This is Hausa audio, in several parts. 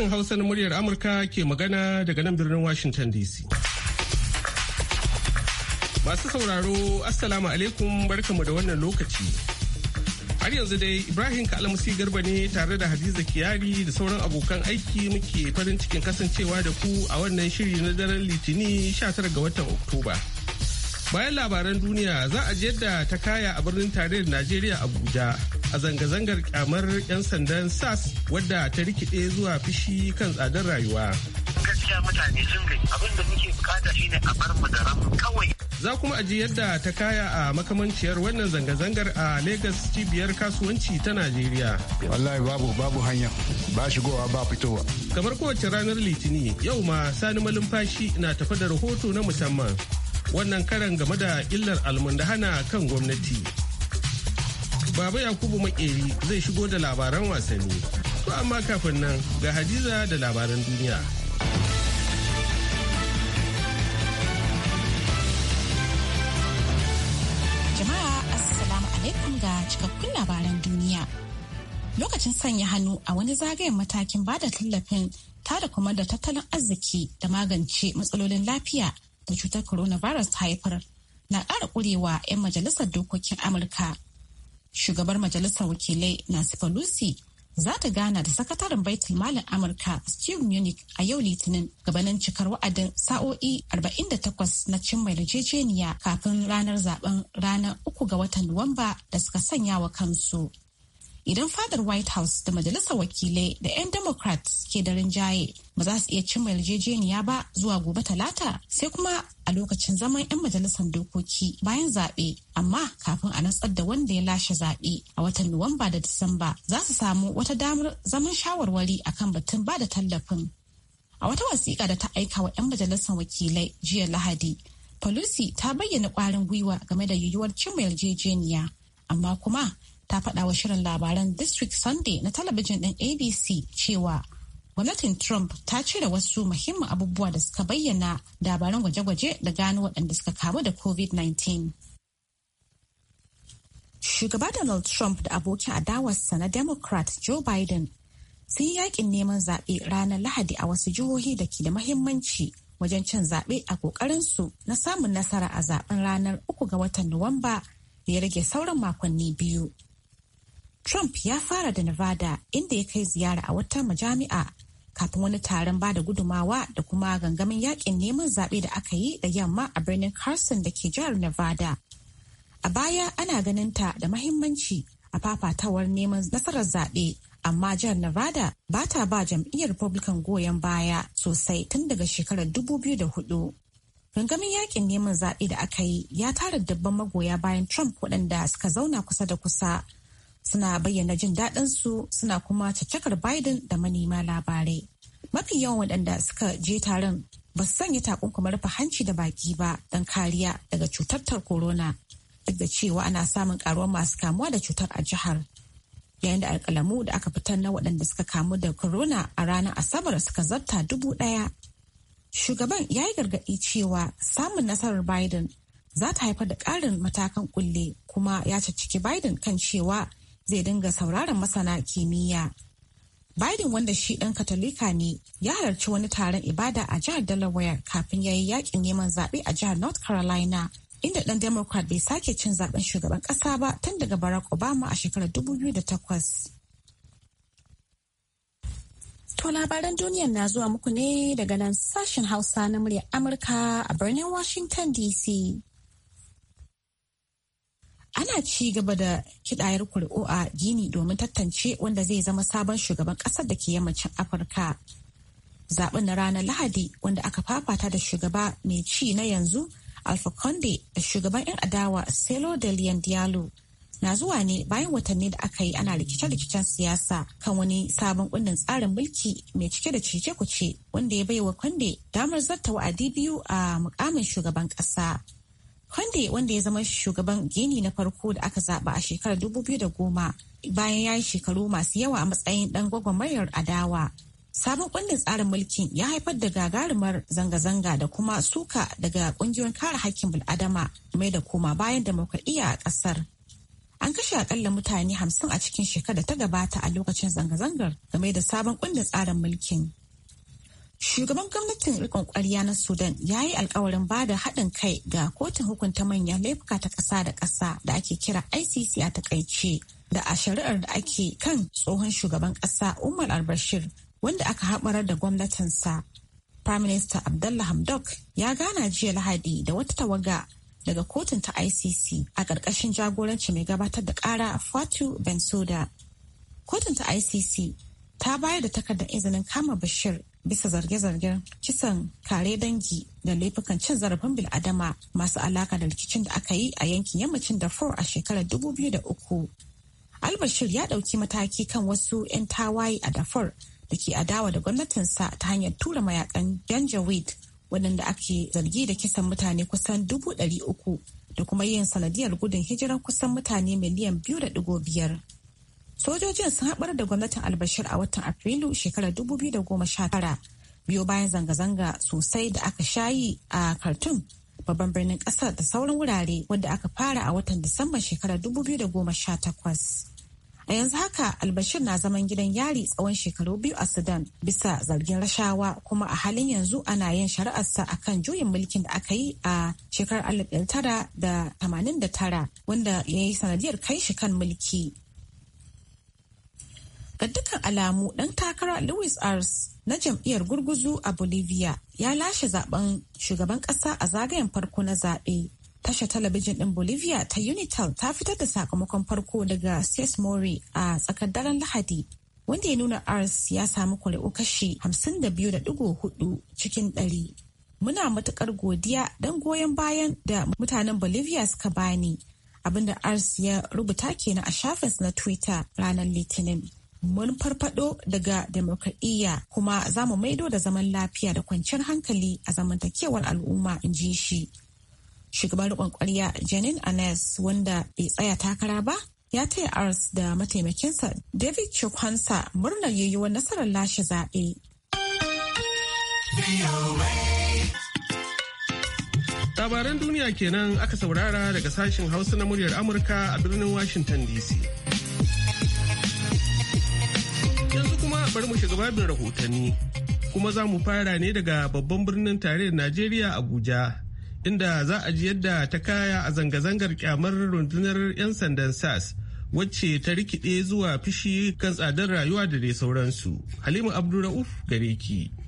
Sashen Hausa na muryar Amurka ke magana daga nan birnin Washington DC. Masu sauraro, Assalamu alaikum barkamu da wannan lokaci. Har yanzu dai Ibrahim Kalamusi Garba ne tare da Hadiza Kiyari da sauran abokan aiki muke farin cikin kasancewa da ku a wannan shiri na daren Litini 19 ga watan Oktoba. Bayan labaran duniya za a ji da ta kaya a birnin tarayyar Najeriya Abuja. a zanga-zangar kyamar 'yan sandan sas wadda ta rikide zuwa fishi kan tsadar rayuwa gaskiya mutane sun gani. abin da muke bukata shine a mu da kawai za kuma aji yadda ta kaya a makamanciyar wannan zanga-zangar a Legas cibiyar kasuwanci ta Najeriya. Wallahi babu babu hanya ba shigowa ba fitowa. Kamar kowace ranar Litini yau ma Sani Malumfashi na tafi da rahoto na musamman. Wannan karan game da illar almundahana kan gwamnati. Baba Yakubu Makeri zai shigo da labaran wasanni. To amma kafin nan ga Hadiza da labaran duniya. Jama'a Assalamu alaikum ga cikakkun labaran duniya. Lokacin sanya hannu a wani zagayen matakin bada tallafin ta da kuma da tattalin arziki da magance matsalolin lafiya da cutar coronavirus ta haifar na ƙara ƙurewa 'yan majalisar dokokin Amurka. shugabar majalisar wakilai nancy pelosi za ta gana da sakataren baitul malin amurka steve munich a yau litinin gabanin cikar wa'adin sa'o'i 48 na cin mai yarjejeniya kafin ranar zaben ranar uku ga watan nuwamba da suka sanya wa kansu idan fadar white house da majalisar wakilai da 'yan democrats ke da rinjaye ba za su iya cin mai yarjejeniya ba zuwa gobe talata sai kuma a lokacin zaman 'yan majalisar dokoki bayan zaɓe amma kafin a natsar da wanda ya lashe zaɓe a watan Nuwamba da Disamba za su samu wata damar zaman shawarwari akan batun ba da tallafin. A wata wasiƙa da ta aika wa 'yan majalisar wakilai jiya Lahadi, Pelosi ta bayyana ƙwarin gwiwa game da yiwuwar cimma yarjejeniya, amma kuma ta faɗa wa shirin labaran District Sunday na talabijin ɗin ABC cewa gwamnatin Trump ta cire wasu muhimman abubuwa da suka bayyana dabarun gwaje-gwaje da gano waɗanda suka kamu da COVID-19. Shugaba Donald Trump da abokin adawarsa na Democrat Joe Biden sun yi yakin neman zaɓe ranar Lahadi a wasu jihohi da ke da mahimmanci wajen cin zaɓe a ƙoƙarinsu na samun nasara a zaɓen ranar uku ga watan Nuwamba da ya rage sauran makonni biyu. Trump ya fara da Nevada inda ya kai ziyara a wata majami'a kafin wani taron ba da gudumawa da kuma gangamin yakin neman zaɓe da aka yi da yamma a birnin Carson da ke jihar Nevada. A baya ana ganin ta da mahimmanci a fafatawar neman nasarar zaɓe, amma jihar Nevada ba ta ba jam'iyyar Republican goyon baya sosai tun daga shekarar 2004. Gangamin yakin neman zaɓe da aka yi ya tara dabban magoya bayan Trump waɗanda suka zauna kusa da kusa suna bayyana jin daɗinsu suna kuma caccakar Biden da manema labarai. mafi yawan waɗanda suka je taron ba su sanya takunkumar rufe hanci da baki ba don kariya daga cutar corona duk da cewa ana samun karuwar masu kamuwa da cutar a jihar yayin da alkalamu da aka fitar na waɗanda suka kamu da corona a ranar asabar suka zarta dubu ɗaya shugaban ya yi gargaɗi cewa samun nasarar biden za ta haifar da ƙarin matakan kulle kuma ya ciki biden kan cewa zai dinga sauraron masana kimiyya Biden wanda shi ɗan Katolika ne ya halarci wani taron ibada a jihar Delaware kafin ya yi yakin neman zaɓe a jihar North Carolina. Inda ɗan Democrat bai sake cin zaben shugaban ƙasa ba tun daga Barack Obama a shekarar 2008. To labaran duniyar na zuwa muku ne daga nan sashen Hausa na muryar Amurka a birnin Washington DC. ana ci gaba da kidayar kuri'u a gini domin tantance wanda zai zama sabon shugaban kasar da ke yammacin afirka zaben na ranar lahadi wanda aka fafata da shugaba mai ci na yanzu alfa conde da shugaban 'yan adawa selo de leon diallo na zuwa ne bayan watanni da aka yi ana rikice-rikicen siyasa kan wani sabon kundin tsarin mulki mai cike da cece-kuce wanda ya baiwa kwande damar zarta wa'adi biyu a mukamin shugaban kasa Kwande wanda ya zama shugaban Gini na farko da aka zaba a shekarar 2010 bayan ya yi shekaru masu yawa a matsayin dan gwagwarmayar adawa. Sabon kundin tsarin mulkin ya haifar da gagarumar zanga-zanga da kuma suka daga kungiyoyin kare hakkin bil'adama mai da koma bayan demokradiyya a kasar. An kashe akalla mutane hamsin a cikin shekarar da ta gabata a lokacin zanga-zangar game da sabon kundin tsarin mulkin. Shugaban gwamnatin rikon kwarya na Sudan ya yi alkawarin ba da haɗin kai ga kotun hukunta manyan laifuka ta ƙasa da ƙasa da ake kira ICC a takaice da a shari'ar da ake kan tsohon shugaban ƙasa Umar al-Bashir wanda aka haɓarar da gwamnatinsa. Prime Minister Abdullah Hamdok ya gana jiya Lahadi da wata tawaga daga kotun ta ICC a ƙarƙashin jagoranci mai gabatar da ƙara Fatu Bensouda. Kotun ta ICC ta bayar da takardar izinin kama Bashir bisa zarge-zargen kisan kare dangi da laifukan cin zarafin bil'adama masu alaka da rikicin da aka yi a yankin yammacin Darfur a shekarar 2003. Albashir ya ɗauki mataki kan wasu 'yan tawaye a Darfur da ke adawa da gwamnatinsa ta hanyar tura mayakan Janjaweed waɗanda ake zargi da kisan mutane kusan dubu ɗari uku da kuma yin sanadiyar gudun hijirar kusan mutane miliyan biyu da ɗigo biyar. Sojojin sun haɓar da gwamnatin Albashir a watan Afrilu shekarar 2019 biyo bayan zanga-zanga sosai da aka sha yi a Khartoum babban birnin ƙasar da sauran wurare wadda aka fara a watan Disamba shekarar takwas A yanzu haka Albashir na zaman gidan yari tsawon shekaru biyu a Sudan bisa zargin rashawa kuma a halin yanzu ana yin shari'arsa a kan juyin mulkin da aka yi a shekarar 1989 wanda ya yi sanadiyar kai shi kan mulki. Ga dukkan alamu ɗan takara Luis Ars na jam'iyyar gurguzu a Bolivia ya lashe zaben shugaban ƙasa a zagayen farko na zaɓe. Tasha talabijin ɗin Bolivia ta Unitel ta fitar da sakamakon farko daga Mori a tsakar daren Lahadi wanda ya nuna ars ya samu kuri'u kashi 52.4 cikin ɗari. Muna matukar godiya don goyon bayan da mutanen Bolivia suka bani abinda ars ya rubuta kenan a shafinsa na Twitter ranar Litinin. mun farfado daga demokradiyya kuma za mu maido da zaman lafiya da kwanciyar hankali a zamantakewar al'umma in ji shi shugaban riƙon ƙwarya janin anes wanda bai tsaya takara ba ya taya ars da mataimakinsa david chukwansa murnar yayyuwar nasarar lashe zaɓe labaran duniya kenan aka saurara daga sashen hausa na muryar amurka a birnin washington dc bar mu shiga babin rahotanni kuma za mu fara ne daga babban birnin tarayyar Najeriya Abuja inda za a ji yadda ta kaya a zanga-zangar kyamar rundunar 'yan sandan SAS wacce ta rikide zuwa fishi kan tsadar rayuwa da dai sauransu. Halima Abdulrauf gare ki.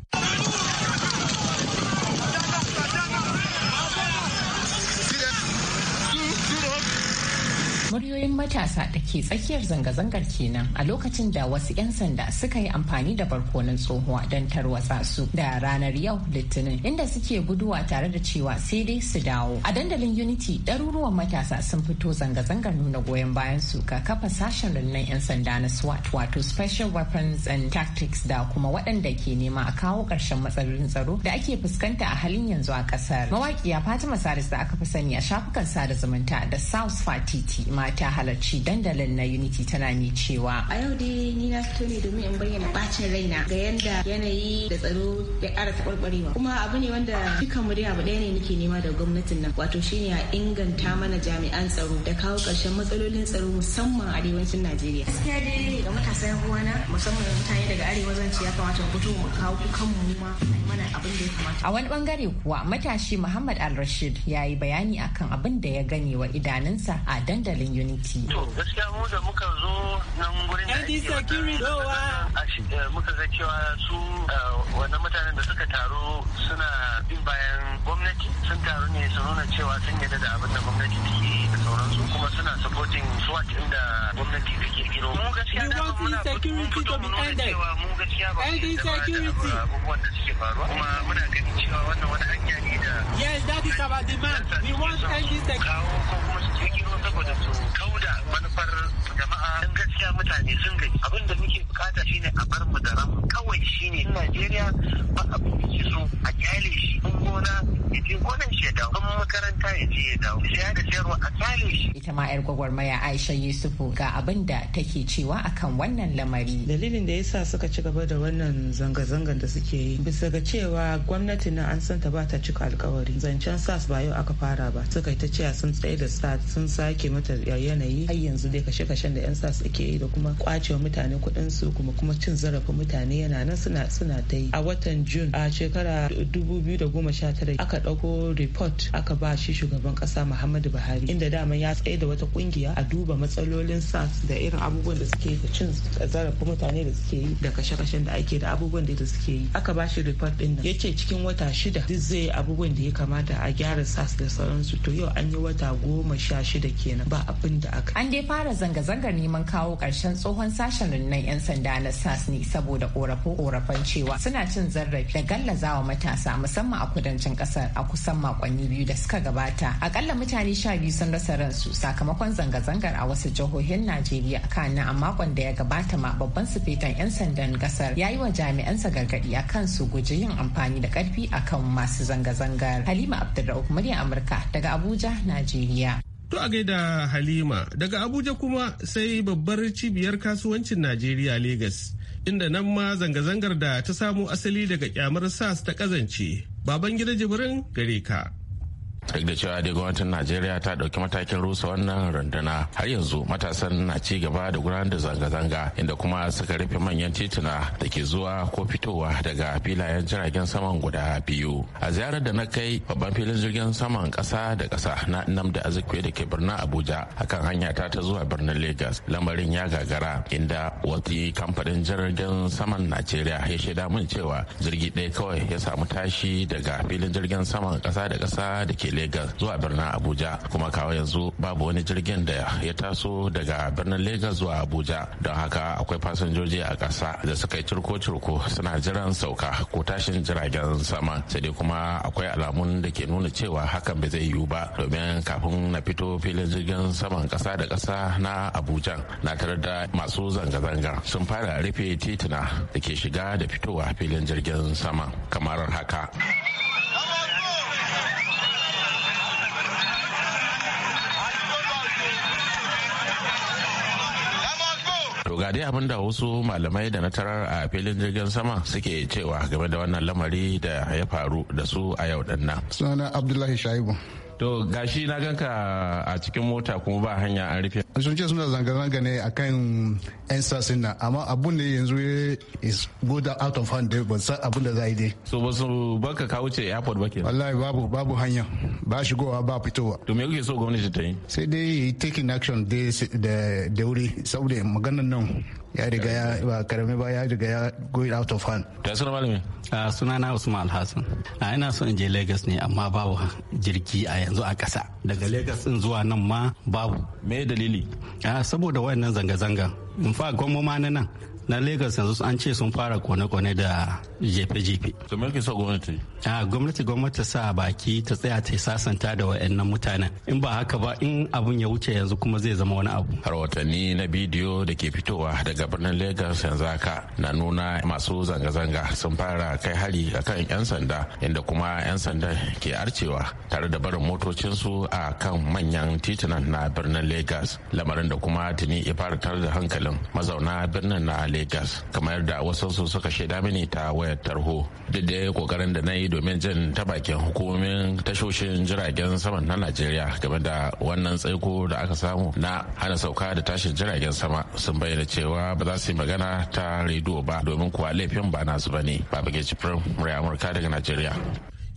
ƙungiyoyin matasa da ke tsakiyar zanga-zangar kenan a lokacin da wasu 'yan sanda suka yi amfani da barkonon tsohuwa don tarwatsa su da ranar yau litinin inda suke guduwa tare da cewa sai dai su dawo a dandalin unity ɗaruruwan matasa sun fito zanga-zangar nuna goyon bayan su ga kafa sashen rundunar 'yan sanda na swat wato special weapons and tactics da kuma waɗanda ke nema a kawo ƙarshen matsalolin tsaro da ake fuskanta a halin yanzu a ƙasar mawaƙiya fatima saris da aka fi sani a shafukan sada zumunta da south fatiti mata halarci dandalin na unity tana ni cewa a yau dai ni na fito ne domin in bayyana bacin raina ga yanda yanayi da tsaro ya ƙara taɓarɓarewa kuma abu ne wanda dukkan mu dai abu ɗaya ne nake nema da gwamnatin nan wato shine a inganta mana jami'an tsaro da kawo ƙarshen matsalolin tsaro musamman a arewacin najeriya gaskiya dai ga matasa yan na musamman mutane daga arewa zan ce ya kamata mu fito mu kawo kanmu ma mana abin da ya kamata a wani bangare kuwa matashi muhammad al-rashid ya yi bayani akan abin da ya gani wa idanunsa a dandalin unity security to gaskiya mu da muka zo nan gurin da ake security eh, muka ga cewa su eh, wannan mutanen da suka taru suna bin bayan gwamnati sun taru ne su nuna cewa sun yarda da abin da gwamnati take da sauransu kuma suna supporting SWAT inda gwamnati take kiro mu gaskiya insecurity to be ended. End insecurity. Yes, that is our demand. We want end insecurity. jama'a don gaskiya mutane sun gaji abin da muke bukata shine a bar mu da ramu kawai shine Najeriya ba abin da ke so a kyale shi in gona ya je gonan shi ya dawo in makaranta ya je ya dawo siya da sayarwa a kyale shi ita ma yar gwagwarmaya Aisha Yusufu ga abin da take cewa akan wannan wannan lamari dalilin da yasa suka ci gaba da wannan zanga zangan da suke yi bisa ga cewa gwamnati na an santa ba ta cika alkawari zancen sas ba yau aka fara ba suka ta cewa sun tsaye da SARS sun sake mata yanayi har yanzu dai kashe kashe da yan sas ake yi da kuma kwacewa mutane kuɗin su kuma kuma cin zarafin mutane yana nan suna suna ta yi a watan jun a shekara 2019 aka ɗauko report aka ba shi shugaban ƙasa muhammadu buhari inda dama ya tsaye da wata kungiya a duba matsalolin sas da irin abubuwan da suke da cin zarafin mutane da suke yi da kashe-kashen da ake da abubuwan da suke yi aka bashi report din nan yace cikin wata shida duk zai abubuwan da ya kamata a gyara sas da sauransu to yau an yi wata goma sha shida kenan ba abin da aka an dai fara zanga-zangar neman kawo karshen tsohon sashen rundunar yan sanda na sas ne saboda korafo-korafan cewa suna cin zarafi da gallazawa matasa musamman a kudancin kasar a kusan makonni biyu da suka gabata akalla mutane sha biyu sun rasa ransu sakamakon zanga-zangar a wasu jihohin najeriya kana a makon da ya gabata ma babban sufetan 'yan sandan kasar ya yi wa jami'ansa gargaɗi a kan su guji yin amfani da karfi a kan masu zanga-zangar. Halima Abdulrauf murya Amurka daga Abuja, Najeriya. To a gaida Halima daga Abuja kuma sai babbar cibiyar kasuwancin Najeriya Legas. Inda nan ma zanga-zangar da ta samu asali daga kyamar SARS ta kazance. Baban gida jibirin gare ka. duk da cewa dai gwamnatin najeriya ta ɗauki matakin rusa wannan runduna har yanzu matasan na ci gaba da gudanar da zanga-zanga inda kuma suka rufe manyan tituna da ke zuwa ko fitowa daga filayen jiragen saman guda biyu a ziyarar da na kai babban filin jirgin saman kasa da kasa na nam da azikwe da ke birnin abuja akan hanya ta ta zuwa birnin lagos lamarin ya gagara inda wata kamfanin jirgin saman najeriya ya shaida mun cewa jirgi ɗaya kawai ya samu tashi daga filin jirgin saman kasa da kasa da ke Legas zuwa birnin Abuja kuma kawo yanzu babu wani jirgin da ya taso daga birnin Legas zuwa Abuja don haka akwai fasinjoji a ƙasa da suka yi cirko-cirko suna jiran sauka ko tashin jiragen sama sai dai kuma akwai alamun da ke nuna cewa hakan ba zai yiwu ba domin kafin na fito filin jirgin saman ƙasa da ƙasa na Abuja na tare da masu zanga-zanga sun fara rufe tituna da ke shiga da fitowa filin jirgin sama kamar haka. To ga dai abin da wasu malamai da na tarar a filin jirgin sama suke cewa game da wannan lamari da ya faru da su a yau dinnan. Sunana Abdullahi Shaibu. To gashi na ganka a cikin mota kuma ba hanya an rufe. Sun ce suna zanga-zanga ne kan 'yan sasin nan amma abun da yanzu is go down out of hand ba ban san abun da za yi dai. So ba su baka ka wuce airport ba ke. Wallahi babu babu hanya ba shigowa ba fitowa. To me kuke so gwamnati ta yi? Sai dai taking action da wuri saboda maganar nan ya riga ya ba karami ba ya riga ya go out of hand da suna malami a suna na Usman Alhassan a ina so in je Lagos ne amma babu jirgi a yanzu a kasa. daga Lagos din zuwa nan ma babu me dalili a saboda wayannan zanga zanga in fa ma na nan na Lagos yanzu an ce sun fara kone-kone da jefe-jefe. To me ke so gwamnati? a ah, gwamnati gwamnati ta sa baki ta tsaya ta sasanta da wayannan mutanen in ba haka ba in abun ya wuce yanzu kuma zai zama wani abu har watanni na bidiyo da ke fitowa daga birnin lagos yanzu haka na nuna masu zanga-zanga sun fara kai hari akan 'yan sanda inda kuma 'yan sanda ke arcewa tare da barin motocinsu a kan manyan titunan na birnin lagos lamarin da kuma tuni ya fara tare da hankalin mazauna birnin na lagos kamar yadda wasansu suka shaida mini ta wayar tarho duk da kokarin da na yi domin jin ta bakin hukumomin tashoshin jiragen sama na najeriya game da wannan tsaiko da aka samu na hana sauka da tashin jiragen sama sun bayyana cewa ba za su yi magana ta rediyo ba domin kuwa laifin ba nasu ba ne babage cifrin murai amurka daga najeriya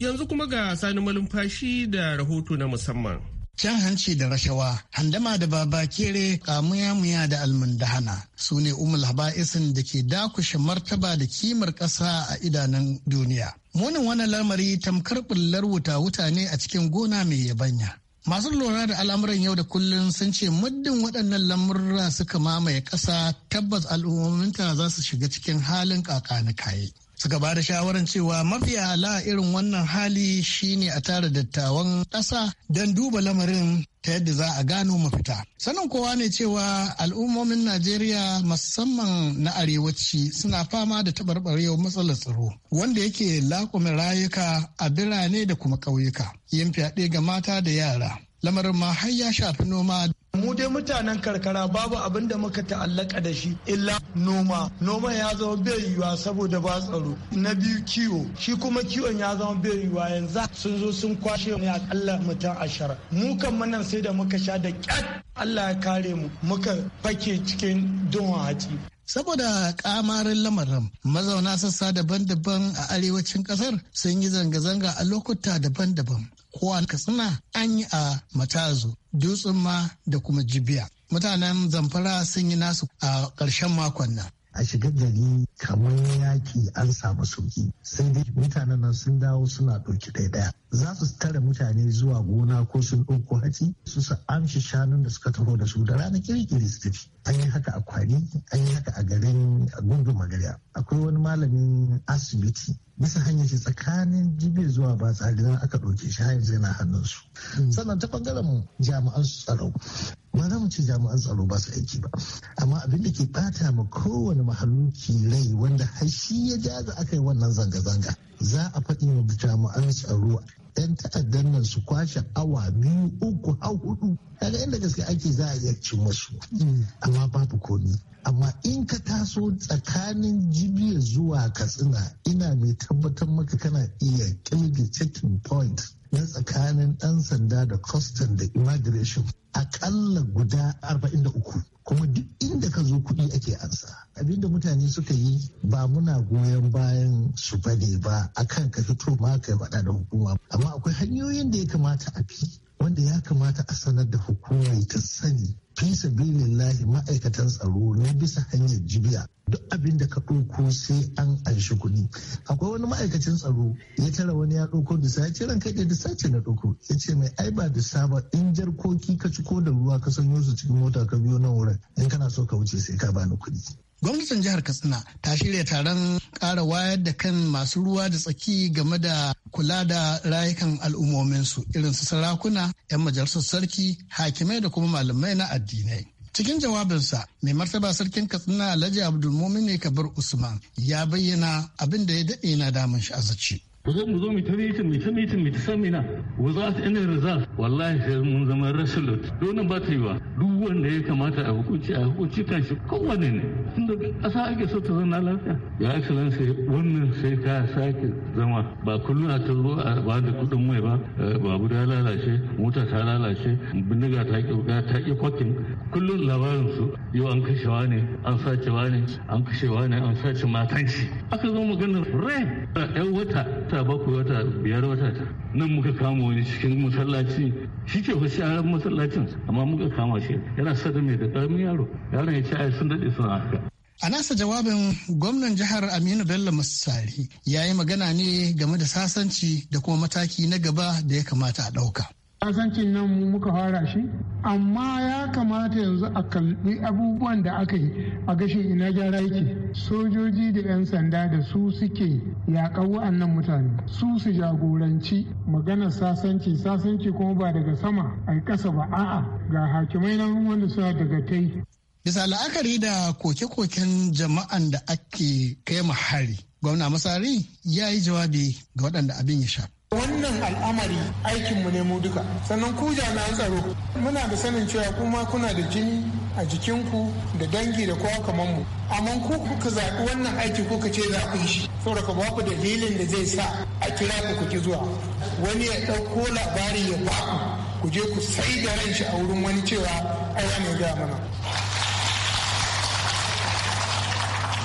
yanzu kuma ga sani malumfashi da rahoto na musamman Can hanci da rashawa, handama da Baba Kere kamuya-muya da almundahana su ne umul haba'isin da ke dakushe martaba da kimar ƙasa a idanun duniya. munin wannan lamari tamkar bullar wuta wuta ne a cikin gona mai yabanya masu lura da al'amuran yau da kullum sun ce muddin waɗannan lamurra suka mamaye ƙasa tabbas al'ummominta za su shiga cikin halin kakani kaye suka ba da shawarar cewa mafiya ala irin wannan hali shine a tara dattawan ƙasa don duba lamarin ta yadda za a gano mafita. Sanin kowa ne cewa al'ummomin Najeriya musamman na arewaci suna fama da tabarbarewar matsalar tsaro wanda yake lakumin rayuka a birane da kuma ƙauyuka. Yin fyaɗe ga mata da yara. Lamarin ma har ya shafi noma mu dai mutanen karkara babu abin da muka ta'allaka da shi illa noma noma ya zama bai yiwuwa saboda ba tsaro na biyu kiwo shi kuma kiwon ya zama bai yiwuwa yanzu sun zo sun kwashe ne akalla mutum ashara mu kan manan sai da muka sha da kyat Allah ya kare mu muka fake cikin duwan hatsi Saboda kamarin lamarin mazauna sassa daban-daban a arewacin kasar sun yi zanga-zanga a lokuta daban-daban. kowa ka katsina an yi a matazu dutsen ma da kuma jibiya mutanen zamfara sun yi nasu a ƙarshen makon nan a shiga gari kamar yaki an samu sauki sai dai mutanen nan sun dawo suna ɗauki ɗaya ɗaya za su tare mutane zuwa gona ko sun ɗauko hatsi su su amshi shanun da suka taho da su da ranar kirkiri su tafi an yi haka a kwari an yi haka a garin gungun magarya akwai wani malamin asibiti bisa hanyar shi tsakanin jibi zuwa ba tsari aka ɗauke shi har yanzu yana hannunsu hmm. sannan ta ɓangaren jami'an tsaro ba za ce jami'an tsaro ba su aiki ba amma abin da ke bata ma kowane mahaluki rai wanda har shi ya jaza aka yi wannan zanga-zanga za a faɗi ma jami'an tsaro 'yan ta'addan nan su kwashe awa biyu uku har hudu daga inda gaske ake za a iya cin wasu amma babu komi amma in ka taso tsakanin jibiya zuwa katsina ina mai tabbatar maka kana iya kilge checking point na tsakanin ɗan sanda da custom da immigration akalla guda 43 kuma duk inda ka zo kuɗi ake ansa abinda mutane suka yi ba muna goyon bayan su bane ba akan ka fito ma ka faɗa da hukuma amma akwai hanyoyin da ya kamata a fi wanda ya kamata a sanar da hukumai ta sani fi sabilin lahi ma'aikatan tsaro na bisa hanyar jibiya duk abin da ka ɗauko sai an anshi kuɗi akwai wani ma'aikacin tsaro ya tara wani ya ɗauko da ya ce ran kai da disa ce na ɗauko ya ce mai ai ba saba ba in jarkoki ka ci ko da ruwa ka sanyo su cikin mota ka biyo nan wurin in kana so ka wuce sai ka bani kuɗi Gwamnatin jihar Katsina ta shirya taron ƙara wayar da kan masu ruwa da tsaki game da kula da rayukan al'ummominsu irin su sarakuna, 'yan majalisar sarki, hakimai da kuma malamai na addinai. Cikin jawabinsa, mai martaba sarkin Katsina Alhaji Abdulmumin Kabir Usman ya bayyana abin da ya daɗe na damun shi a zaci. ku zo mu zo mu ta mitin mu ta mitin mu ta samina ta ina raza wallahi sai mun zama resolute dole ba ta yi ba duk wanda ya kamata a hukunci a hukunci kan shi kowane ne tunda ƙasa ake so ta zauna lafiya ya sai wannan sai ka sake zama ba kullum a tarbo a ba da kuɗin mai ba babu da lalace mota ta lalace bindiga ta ƙirga ta ƙi kwakin kullum labarin su yau an kashewa ne an sacewa ne an kashewa ne an sace matan shi aka zo maganar rai ɗan wata wata bakwai wata biyar wata ta nan muka kama wani cikin masallaci shi ke wasu yaran masallacin amma muka kama shi yana sada mai da karamin yaro yaron ya ce ai sun daɗe suna haka A nasa jawabin gwamnan jihar Aminu Bello Masari ya yi magana ne game da sasanci da kuma mataki na gaba da ya kamata a ɗauka. kasancin nan muka fara shi amma ya kamata yanzu a kalbi abubuwan da aka yi a gashin ina gyara yake sojoji da 'yan sanda da su suke a nan mutane su su jagoranci maganar sasanci sasanci kuma ba daga sama a kasa ba a'a ga hakimai nan wanda suna daga tai bisa la'akari da koke-koken jama'an da ake kai hari gwamna masari ya yi jawabi ga waɗanda abin ya shafi wannan al'amari aikinmu ne mu duka sannan ku jami'an tsaro muna da sanin cewa kuma kuna da jini a jikinku da dangi da kowa kamar mu amma ku kuka zaɓi wannan aiki kuka ce za ku yi shi saboda ka ba ku dalilin da zai sa a kira ku kuki zuwa wani ya ɗauko labari ya ba ku ku je ku sai da ran shi a wurin wani cewa ai ne ga mana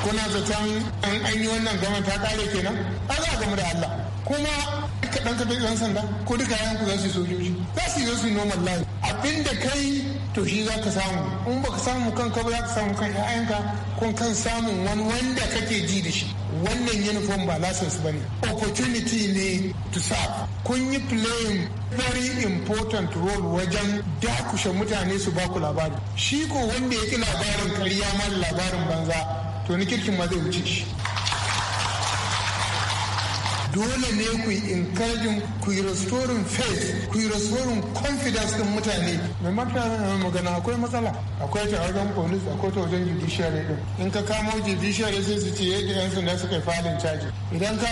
kuna zaton an yi wannan gama ta kare kenan a za da Allah kuma kaɗan ka ɗan sanda ko duka yan ku za su yi sojoji za su yi su yi normal life abinda kai to shi za ka samu in ba ka samu ka ba za ka samu kan ko kan samun wani wanda kake ji da shi wannan uniform ba license ba ne opportunity ne to serve kun yi playing very important role wajen dakushe mutane su baku labari shi ko wanda ya ki labarin karya ma labarin banza to ni kirkin ma zai wuce shi dole ne ku yi inkarjin ku yi restoring faith ku yi restoring confidence din mutane mai magana akwai matsala akwai ta wajen police akwai ta wajen judiciary din in ka kamo judiciary sai su ce yadda yan sanda suka yi falin caji idan ka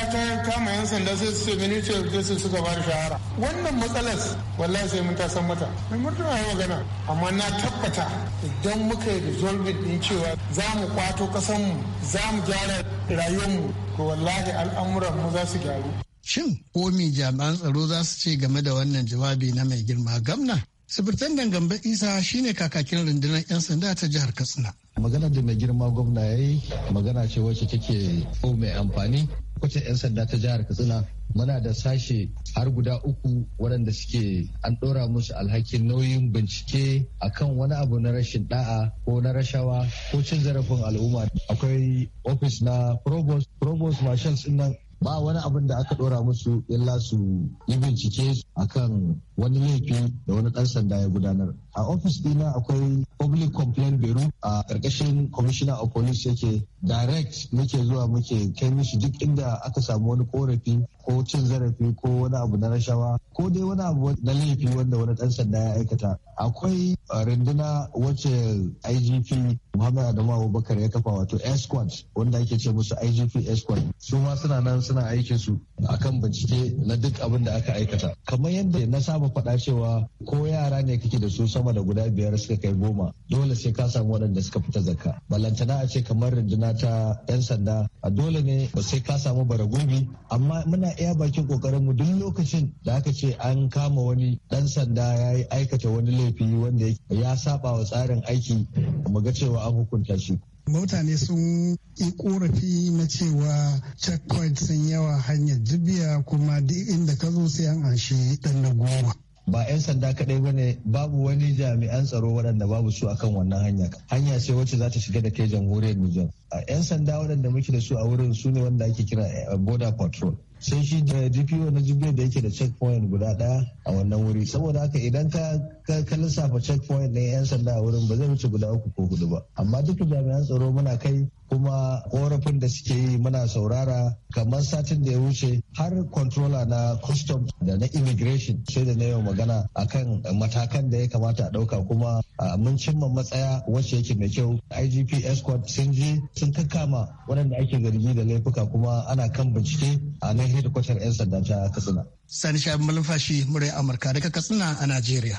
kama yan sanda sai su ce ministry of justice suka ba da shahara wannan matsalar wallahi sai mun ta san mata mai martaba magana amma na tabbata idan muka yi resolving din cewa za mu kwato kasanmu za mu gyara rayuwarmu to wallahi al'amuran mu za su gyaru. Shin ko me jami'an tsaro za su ce game da wannan jawabi na mai girma gamna? Sufurtandan Gambe Isa shine kakakin rundunar 'yan sanda ta jihar Katsina. Magana da mai girma gwamna ya yi magana ce wacce take ko mai amfani kwacin 'yan sanda ta jihar Katsina muna da sashe har guda uku waɗanda suke an ɗora musu alhakin nauyin bincike akan wani abu na rashin da'a ko na rashawa ko cin zarafin al'umma akwai ofis na provost provost marshals nan ba wani abin da aka ɗora musu illa su yi bincike akan wani laifi da wani ɗan sanda ya gudanar a ofis dina akwai public complaint bureau a karkashin commissioner of police yake direct muke zuwa muke kai mishi duk inda aka samu wani korafi ko cin zarafi ko wani abu na rashawa ko dai wani abu na laifi wanda wani dan sanda ya aikata akwai runduna wacce igp muhammad adamu abubakar ya kafa wato escort wanda ake ce musu igp escort su ma suna nan suna aikin su akan bincike na duk abin da aka aikata kamar yadda na saba faɗa cewa ko yara ne kake da su sama sama da guda biyar suka kai goma dole sai ka samu waɗanda suka fita zakka balantana a ce kamar rinjina ta 'yan sanda a dole ne sai ka samu baragobi amma muna iya bakin kokarin mu duk lokacin da aka ce an kama wani dan sanda ya yi aikata wani laifi wanda ya saba wa tsarin aiki mu ga cewa an hukunta shi mutane sun yi korafi na cewa checkpoint sun yawa hanyar jibiya kuma duk inda ka zo sai an anshi dan na goma ba 'yan sanda kadai bane babu wani jami'an tsaro waɗanda babu su akan wannan hanya hanya sai wacce za ta shiga da kai jamhuriyar Nijar 'yan sanda waɗanda muke da su a wurin su ne wanda ake kira eh, border patrol sai shi da eh, dpo na jibiyar da yake da checkpoint guda daya a wannan wuri saboda haka idan ka ka lissafa checkpoint na yan sanda a wurin ba zai wuce guda uku ko hudu ba amma duka jami'an tsaro muna kai kuma korafin da suke yi muna saurara kamar satin da ya wuce har controller na custom da na immigration sai da na yau magana akan matakan da ya kamata a ɗauka kuma mun cimma matsaya wacce yake mai kyau igp escort sun je sun kakama waɗanda ake zargi da laifuka kuma ana kan bincike a nan hedikwatar 'yan sanda ta katsina. sani sha'ib malumfashi murai amurka daga katsina a najeriya.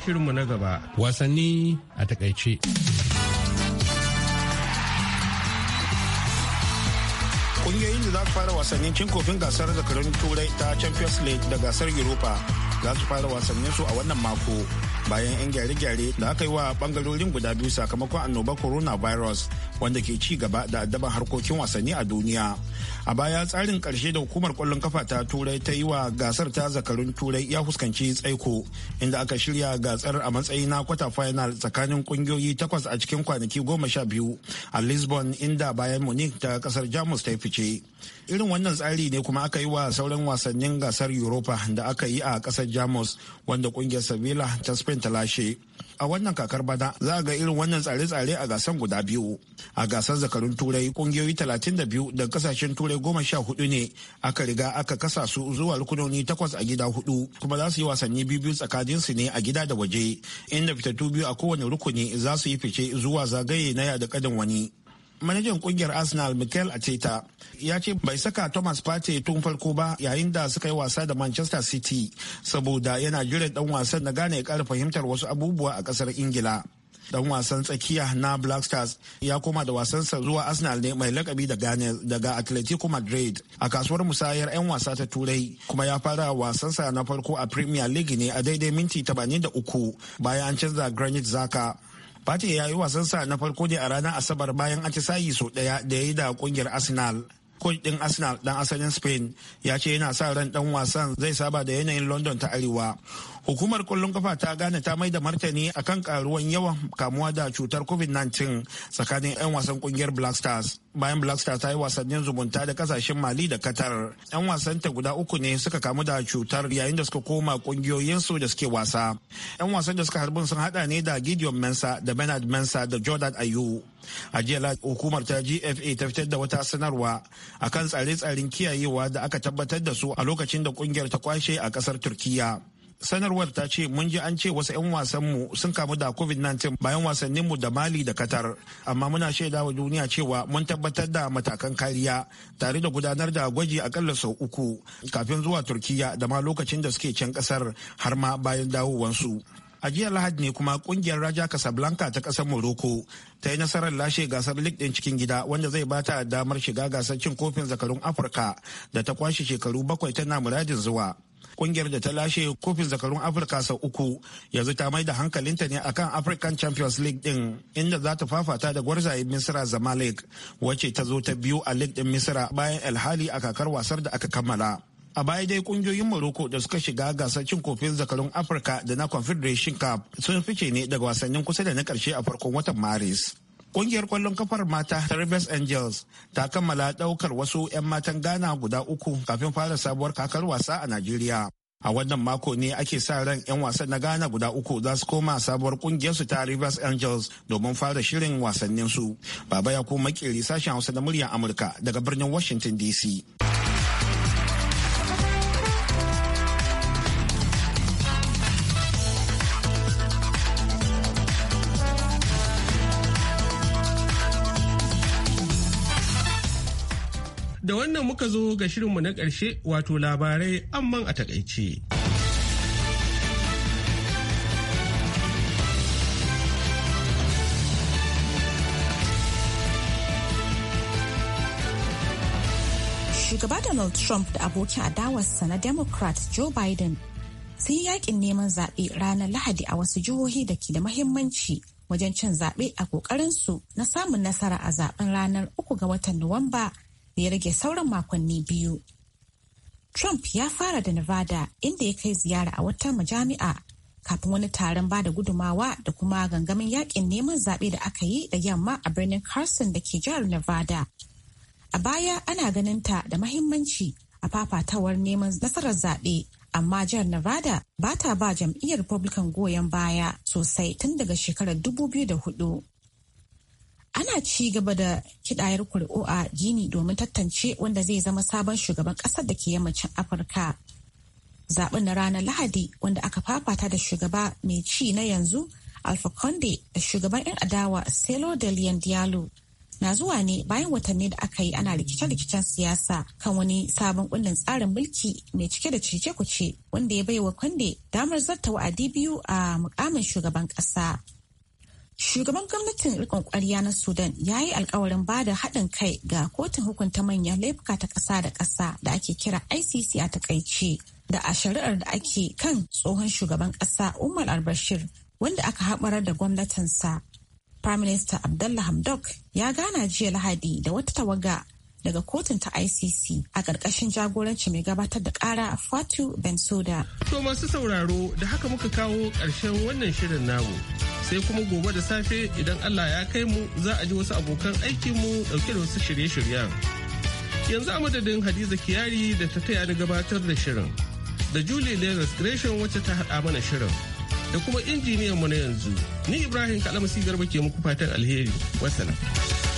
shirinmu na gaba. Wasanni a takaice. Kungiyoyin da za su fara wasannin cin kofin gasar zakarun turai ta Champions League da gasar Europa za su fara wasannin su a wannan mako bayan 'yan gyare-gyare da aka yi wa bangarorin guda biyu sakamakon annobar coronavirus wanda ke ci gaba da addaban harkokin wasanni a duniya. a baya tsarin karshe da hukumar kwallon kafa ta turai ta yi wa gasar ta zakarun turai ya fuskanci tsaiko inda aka shirya gasar a matsayi na kwata final tsakanin kungiyoyi takwas a cikin kwanaki goma sha biyu a lisbon inda bayan munich ta kasar jamus ta fice irin wannan tsari ne kuma aka yi wa sauran wasannin gasar europa da aka yi a kasar jamus wanda kungiyar sevilla ta spain ta lashe a wannan kakar bana za a ga irin wannan tsare-tsare a gasan guda biyu a gasar zakarun turai kungiyoyi talatin da biyu kasashen turai goma sha hudu ne aka riga aka kasa su zuwa rukunoni takwas a gida hudu kuma za su yi wasanni biyu tsakanin su ne a gida da waje inda fitattu biyu a kowane rukuni za su yi fice zuwa zagaye na yada kadin wani manajan kungiyar arsenal mikel Arteta ya ce bai saka thomas partey tun farko ba yayin da suka yi wasa da manchester city saboda yana jiran dan wasan na gane ya kara fahimtar wasu abubuwa a kasar ingila dan wasan tsakiya na black stars ya koma da wasansa zuwa arsenal ne mai lakabi da gane daga atletico madrid a kasuwar musayar 'yan wasa ta turai kuma ya fara wasansa na farko a premier league ne a daidai minti 83 bayan an canza granit zaka Pate ya yi wasansa na farko ne a ranar Asabar bayan a ci sayi sau ɗaya da ya yi da ƙungiyar Arsenal. Coach ɗin Arsenal ɗan asalin Spain ya ce yana sa ran ɗan wasan zai saba da yanayin London ta Arewa Hukumar kwallon kafa ta gane ta mai da martani akan karuwan yawan kamuwa da cutar COVID-19 tsakanin 'yan wasan kungiyar Black Stars. Bayan Black Stars ta yi wasannin zumunta da kasashen Mali da Qatar, 'yan wasanta guda uku ne suka kamu da cutar yayin da suka koma kungiyoyinsu da suke wasa. 'Yan wasan da suka harbin sun hada ne da Gideon Mensa da Bernard Mensa da Jordan Ayew. a jiya hukumar ta gfa ta fitar da wata sanarwa akan tsare-tsaren kiyayewa da aka tabbatar da su a lokacin da kungiyar ta kwashe a kasar turkiya sanarwar ta ce mun ji an ce wasu 'yan wasanmu sun kamu da covid-19 bayan wasanninmu da mali da qatar amma muna shaida wa duniya cewa mun tabbatar da matakan kariya tare da gudanar da gwaji akalla sau uku kafin zuwa turkiya da ma lokacin da suke can kasar har ma bayan dawowansu a jiya lahadi ne kuma kungiyar raja casablanca ta kasar morocco ta yi nasarar lashe gasar league din cikin gida wanda zai ba ta damar shiga gasar cin kofin zakarun afirka da ta kwashe shekaru bakwai tana muradin zuwa kungiyar da ta lashe kofin zakarun afirka sau uku yanzu ta mai da hankalinta ne akan african champions league din inda za ta fafata da gwarzaye misira zamalek wacce ta zo ta biyu a league din misira bayan alhali a kakar wasar da aka kammala a baya dai kungiyoyin morocco da suka shiga gasar cin kofin zakarun afirka da na confederation cup sun fice ne daga wasannin kusa da na karshe a farkon watan maris Kungiyar kwallon kafar mata ta Rivers Angels ta kammala daukar wasu 'yan matan Ghana guda uku kafin fara sabuwar kakar wasa a Najeriya. A wannan mako ne ake sa ran 'yan wasan na Ghana guda uku za su koma sabuwar kungiyarsu ta Rivers Angels domin fara shirin wasanninsu. Baba ya ko makeri sashen Hausa na muryar Amurka daga birnin Washington DC. Da wannan muka zo ga shirinmu na ƙarshe wato labarai amman a takaice. Shugaba Donald Trump da abokin adawarsa na Democrat Joe Biden sun yi yakin neman zaɓe ranar Lahadi a wasu jihohi da ke da mahimmanci wajen cin zaɓe a ƙoƙarinsu na samun nasara a zaɓen ranar uku ga watan Nuwamba da ya rage sauran makonni biyu. Trump ya fara da Nevada inda ya kai ziyara a wata majami'a kafin wani taron bada gudumawa da kuma gangamin yakin neman zaɓe da aka yi da yamma a birnin Carson da ke jihar Nevada. A baya ana ganin ta da mahimmanci a fafatawar neman nasarar zaɓe, amma jihar Nevada ba ta ba jam'iyyar Republican goyon baya sosai tun daga shekarar 2004. ana ci gaba da kidayar kuri'u a gini domin tantance wanda zai zama sabon shugaban kasar da ke yammacin afirka zaben na ranar lahadi wanda aka fafata da shugaba mai ci na yanzu alfa conde da shugaban 'yan adawa selo de leon diallo na zuwa ne bayan watanni da aka yi ana rikice-rikicen siyasa kan wani sabon kundin tsarin mulki mai cike da cece-kuce wanda ya baiwa conde damar zarta wa'adi biyu a mukamin shugaban kasa Shugaban gwamnatin rikon ƙwarya na Sudan ya yi alkawarin ba da haɗin kai ga kotun hukunta manyan laifuka ta ƙasa da ƙasa da ake kira ICC a takaice da a shari'ar da ake kan tsohon shugaban ƙasa Umar al-Bashir wanda aka haɓarar da gwamnatinsa. Prime Minister Abdullah Hamdok ya gana jiya Lahadi da wata tawaga daga kotun ta ICC a ƙarƙashin jagoranci mai gabatar da ƙara Fatu Bensouda. To masu sauraro da haka muka kawo ƙarshen wannan shirin namu. Sai kuma gobe da safe idan Allah ya kai mu za a ji wasu abokan aikinmu ɗauke da wasu shirye-shiryen. Yanzu a madadin Hadiza Kiyari da ta taya da gabatar da shirin. Da Julie Legas Gresham wacce ta haɗa mana shirin. Da kuma injiniyan mu na yanzu. Ni Ibrahim Kalamasi Garba ke muku fatan alheri. Wasana.